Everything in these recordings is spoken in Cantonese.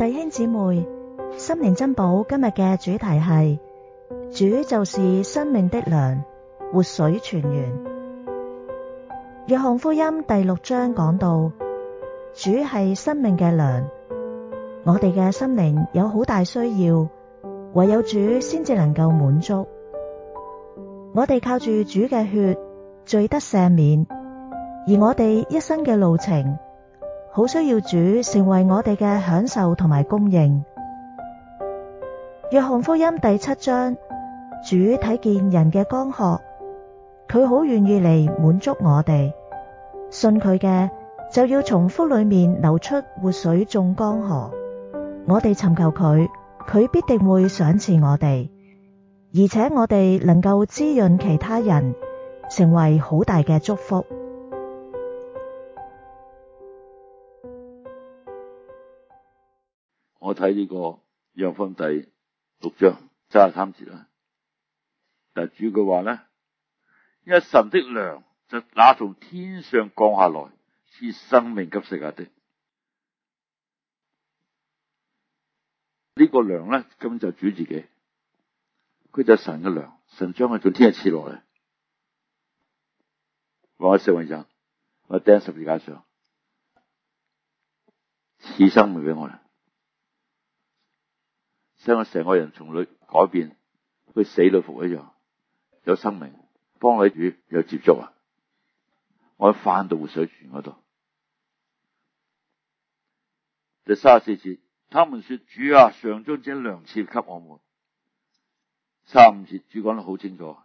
弟兄姊妹，心靈珍寶，今日嘅主題係主就是生命的糧，活水泉源。約翰福音第六章講到，主係生命嘅糧，我哋嘅心靈有好大需要，唯有主先至能夠滿足。我哋靠住主嘅血，罪得赦免，而我哋一生嘅路程。好需要主成為我哋嘅享受同埋供應。約翰福音第七章，主睇見人嘅江河，佢好願意嚟滿足我哋。信佢嘅就要從腹裏面流出活水嘅江河。我哋尋求佢，佢必定會賞賜我哋，而且我哋能夠滋潤其他人，成為好大嘅祝福。我睇呢個約分第六章三十三節啦，但主要句話咧，因神的糧就打從天上降下來賜生命給世界的，這個、呢個糧咧根本就主自己，佢就神嘅糧，神將佢從天上賜落嚟。話神為神，我，我釘十字架上賜生命俾我啦。使我成個人從裏改變，佢死裏復活咗，有生命，幫你主，有接觸啊！我翻到活水泉嗰度，第三十四節，他們說主啊，常將這糧賜給我們，三五節主講得好清楚，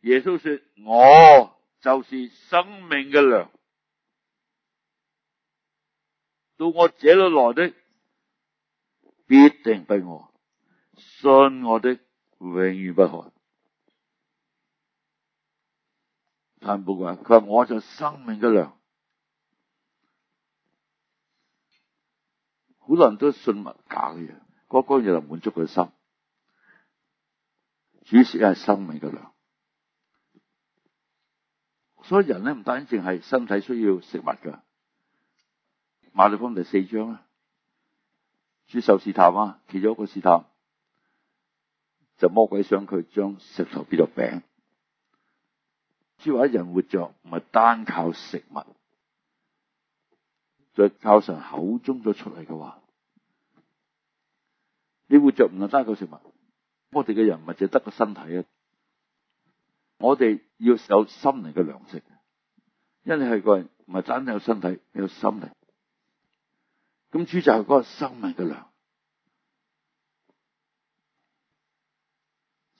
耶穌說我就是生命嘅糧，到我這裏來的必定不餓。信我的，永遠不渴。但係每個人佢話我就係生命嘅糧，好多人都信物假嘅嘢，嗰嗰樣就滿足佢心。主食係生命嘅糧，所以人咧唔單止淨係身體需要食物噶。馬太福音第四章啦，主受試探啊，其中一個試探。就魔鬼想佢將石頭變咗餅，即係話人活着唔係單靠食物,就靠神口中所出嚟嘅話。你活着唔係單靠食物，我哋嘅人唔係就得個身體啊！我哋要有心靈嘅糧食，因為你係個人唔係單單有身體，有心靈。咁主就係嗰個生命嘅糧。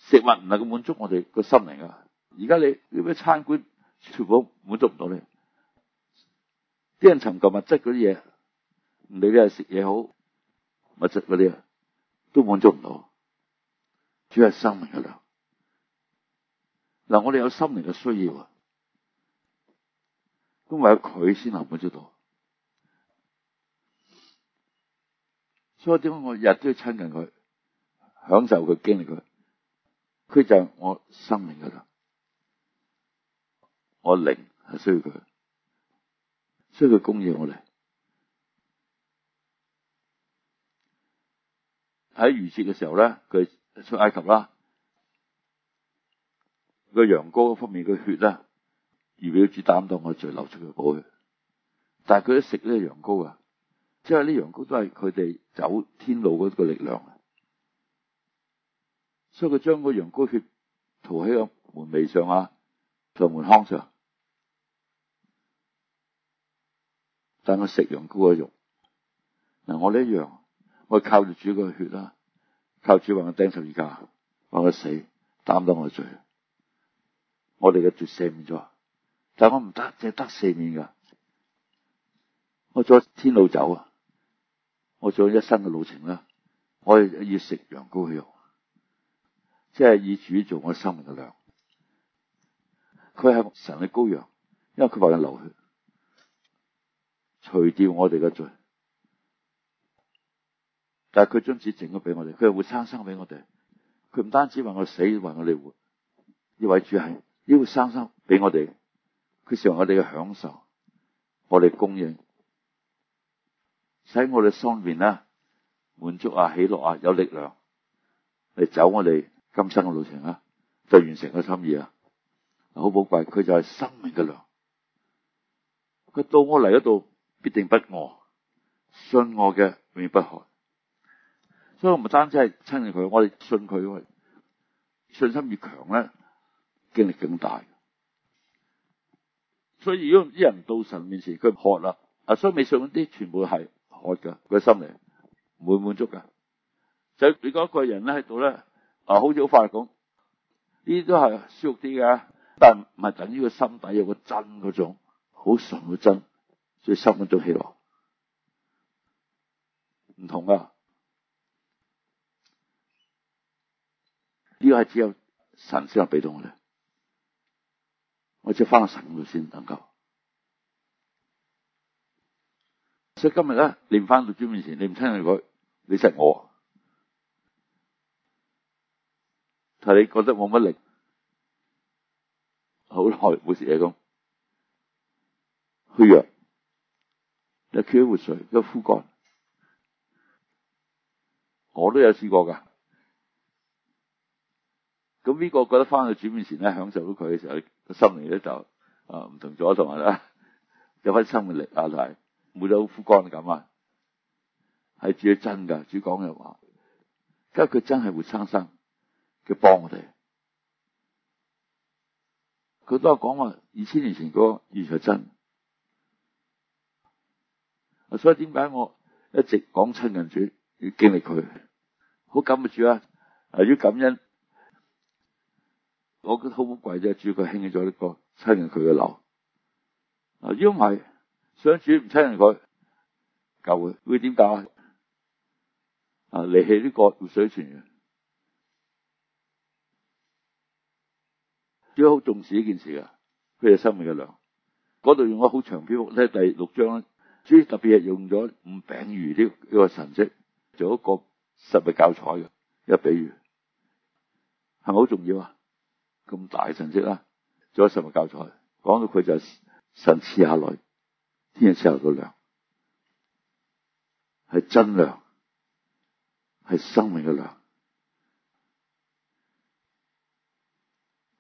食物唔能夠滿足我哋個心靈啊，而家你你咩餐館全部滿足唔到你，啲人尋求物質嗰啲嘢，唔理咧食嘢好，物質嗰啲啊都滿足唔到，主要係生命嘅糧。嗱，我哋有心靈嘅需要啊，都為咗佢先能滿足到，所以點解我日日都要親近佢，享受佢經歷佢。佢就係我生命嗰度，我靈係需要佢，需要佢供應我靈。喺逾越節嘅時候咧，佢出埃及啦，個羊羔方面嘅血啦，以表示擔當我罪流出嘅寶血。但係佢一食呢羊羔噶，即係呢羊羔都係佢哋走天路嗰個力量。所以佢將個羊羔血塗喺個門楣上啊，就門框上，但我食羊羔嘅肉。嗱，我呢樣我靠住主嘅血啦，靠住話我釘十字架，話我死擔當我罪，我哋嘅罪赦免咗。但我唔得，淨係得赦免噶，我再天路走啊，我仲有一生嘅路程啦，我要食羊羔嘅肉。即係以主做我生命嘅糧，佢係神嘅羔羊，因為佢為人流血，除掉我哋嘅罪，但係佢將子整咗俾我哋，佢又活生生俾我哋，佢唔單止為我死，為我哋活。呢位主係呢活生生俾我哋，佢成為我哋嘅享受，我哋嘅供應，使我哋心裏面咧滿足啊、喜樂啊、有力量嚟走我哋。今生嘅路程啊，就完成個心意啊，好寶貴。佢就係生命嘅糧，佢到我嚟嗰度必定不餓，信我嘅永遠不渴。所以我唔單止係親近佢，我哋信佢。信心越強咧，經歷更大。所以如果啲人到神面前佢渴啦，啊，所以未信嗰啲全部係渴嘅，佢心靈唔會滿足噶。就如果一個人咧喺度咧。啊，好似好快律咁，呢啲都係舒服啲嘅，但唔係等於個心底有個真嗰種，好純嘅真，最深嘅最喜樂，唔同啊！呢、這個係只有神先可以俾到我哋，我只翻到神度先能夠。所以今日咧，你唔翻到主面前，你唔親近佢，你識我。但你覺得冇乜力，好耐冇食嘢，咁虛弱，一缺血，活水，一枯乾。我都有試過噶，咁呢個覺得翻去主面前咧，享受到佢嘅時候，個心靈咧就啊唔同咗，同埋有翻新嘅力啊，同埋冇咗枯乾咁啊，係主真噶，主講嘅話，跟佢真係活生生。佢幫我哋，佢都係講話二千年前嗰個完全真，所以點解我一直講親人主要經歷佢，好感恩主啊！要感恩，我覺得好鬼啫，主佢興起咗呢個親人佢嘅樓，啊，如果唔係想主唔親人佢，救佢會點解啊？啊，離棄呢個活水泉源。主要好重視呢件事噶，佢係生命嘅糧。嗰度用咗好長篇幅，咧第六章咧，主要特別係用咗五餅魚呢呢個神蹟，做一個實物教材嘅一比喻，係咪好重要啊？咁大神蹟啦，做咗實物教材，講到佢就係神賜下來，天爺賜下個糧，係真糧，係生命嘅糧。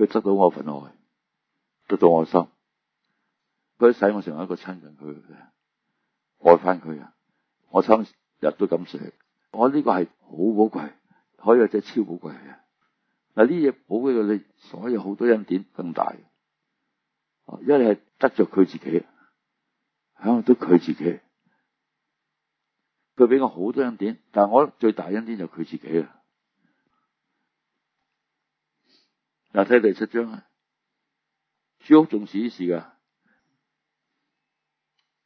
佢執到我份愛，得咗我心，佢使我成為一個親近佢嘅，愛翻佢嘅。我差日都咁寫，我呢個係好寶貴，可以係只超寶貴嘅。嗱，呢嘢寶貴到你所有好多恩典更大。因為你係得着佢自己，享受佢自己。佢俾我好多恩典，但係我最大恩典就佢自己啊。嗱，睇第七章啊，主好重視呢事噶，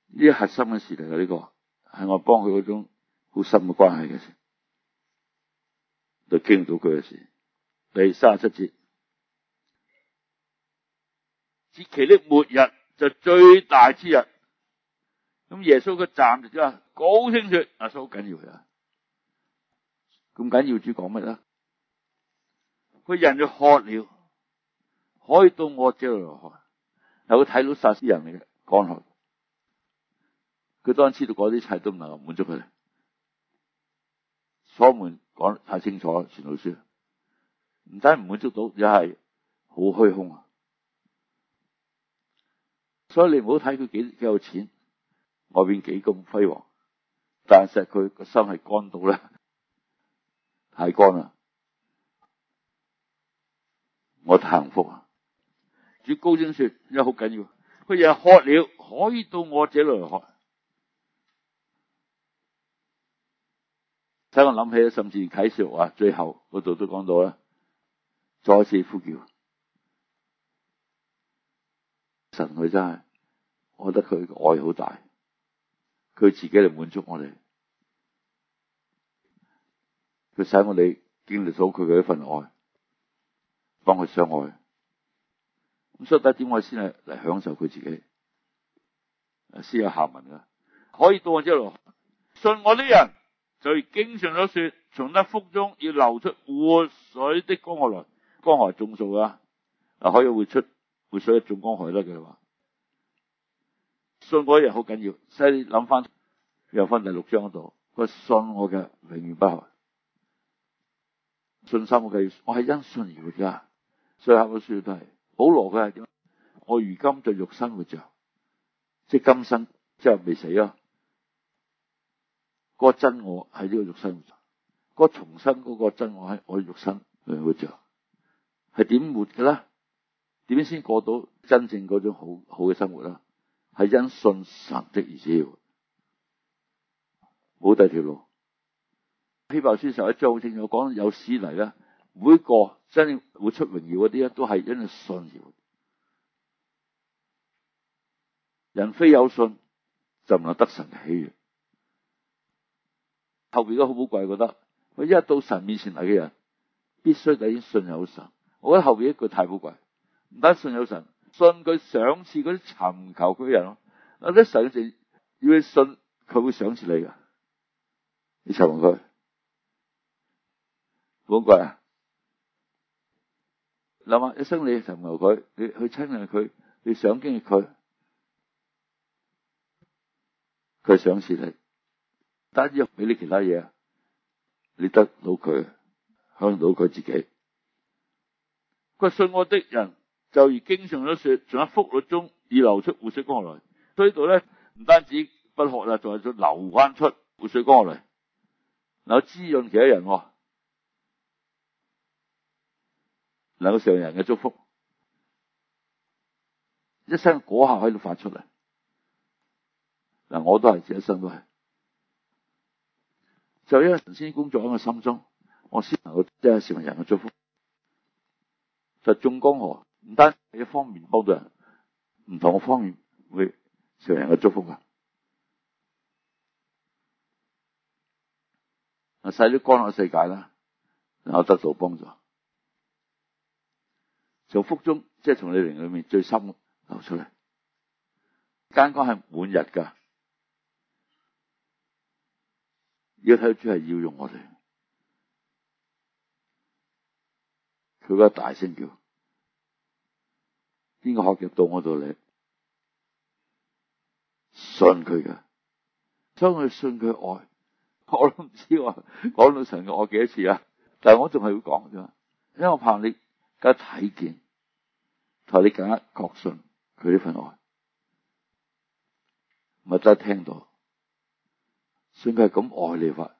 呢核心嘅事嚟噶呢個，係我幫佢嗰種好深嘅關係嘅事，就驚到佢嘅事。第三十七節，節期的末日就最大之日，咁耶穌個站住咗，講清楚，叔好緊要啊，咁緊要主講乜啊？佢人就渴了。可以到我這嚟學，又睇到撒斯人嚟嘅講學，佢當然知道嗰啲一切都唔能夠滿足佢啦。所羅門講得太清楚啦，傳道書唔單唔滿足到，又係好虛空啊！所以你唔好睇佢幾幾有錢，外邊幾咁輝煌，但係實佢個心係乾到咧，太乾啦！我太幸福啊！主高聲說：因為好緊要，人若渴了，可以到我這裡嚟喝。使我諗起，甚至啟示話，最後嗰度都講到啦，再次呼叫神，佢真係，我覺得佢嘅愛好大，佢自己嚟滿足我哋，佢使我哋經歷到佢嘅一份愛，幫佢相愛。咁所以第一點我先係嚟享受佢自己，先有下文啦。可以到我之路，信我啲人，就如經上所說，從一腹中要流出活水的江河來，江河係眾數噶，啊可以活出活水一種江河啦。佢話信我啲人好緊要，即係諗翻約翰第六章嗰度，個信我嘅永遠不渴，信心好緊要，我係因信而活噶，所以後嗰書都係。保羅佢係點？我如今在肉身活着，即係今生之後未死咯，啊。嗰個真我喺呢個肉身活着，嗰個重生嗰個真我喺我肉身活着，係點活嘅啦？點先過到真正嗰種好好嘅生活啦？係因信神的而起，冇第二條路。希伯來書一章好清楚講，有史嚟啦。每一個真正會出榮耀嗰啲咧，都係因為信而為人非有信就唔能得神喜悅。後邊都好寶貴，覺得我一到神面前嚟嘅人，必須第一信有神。我覺得後邊一句太寶貴，唔單信有神，信佢賞賜嗰啲尋求佢嘅人咯。有啲神嘅事要信，佢會賞賜你噶。你尋求佢，好寶貴啊！諗下，一生你尋求佢，你去親近佢，你想經歷佢，佢賞賜你。但係若俾你其他嘢，你得到佢，向到佢自己。佢信我的人，就如經上所說，喺腹中已流出活水江河來。所以呢度咧，唔單止不渴啊，仲係要流翻出活水江河來，嗱，滋潤其他人喎。能夠成人嘅祝福，一聲嗰下喺度發出嚟，嗱我都係，這一生都係，就因為神仙工作喺我心中，我先能夠即係成人嘅祝福，就眾江河唔單係一方面幫助人，唔同嘅方面會成人嘅祝福噶，啊，使啲光喺世界啦，我能夠得到幫助。從腹中，即係從你靈魂裏面最深流出嚟，間關係滿日噶，而家睇到主係要用我哋，佢個大聲叫，邊個渴嘅到我度嚟？信佢噶，將佢信佢愛，我都唔知話講到神愛幾多次啊？但係我仲係要講啫，因為我怕你家睇見。你更加確信佢呢份愛，我真係聽到，所以佢係咁愛你。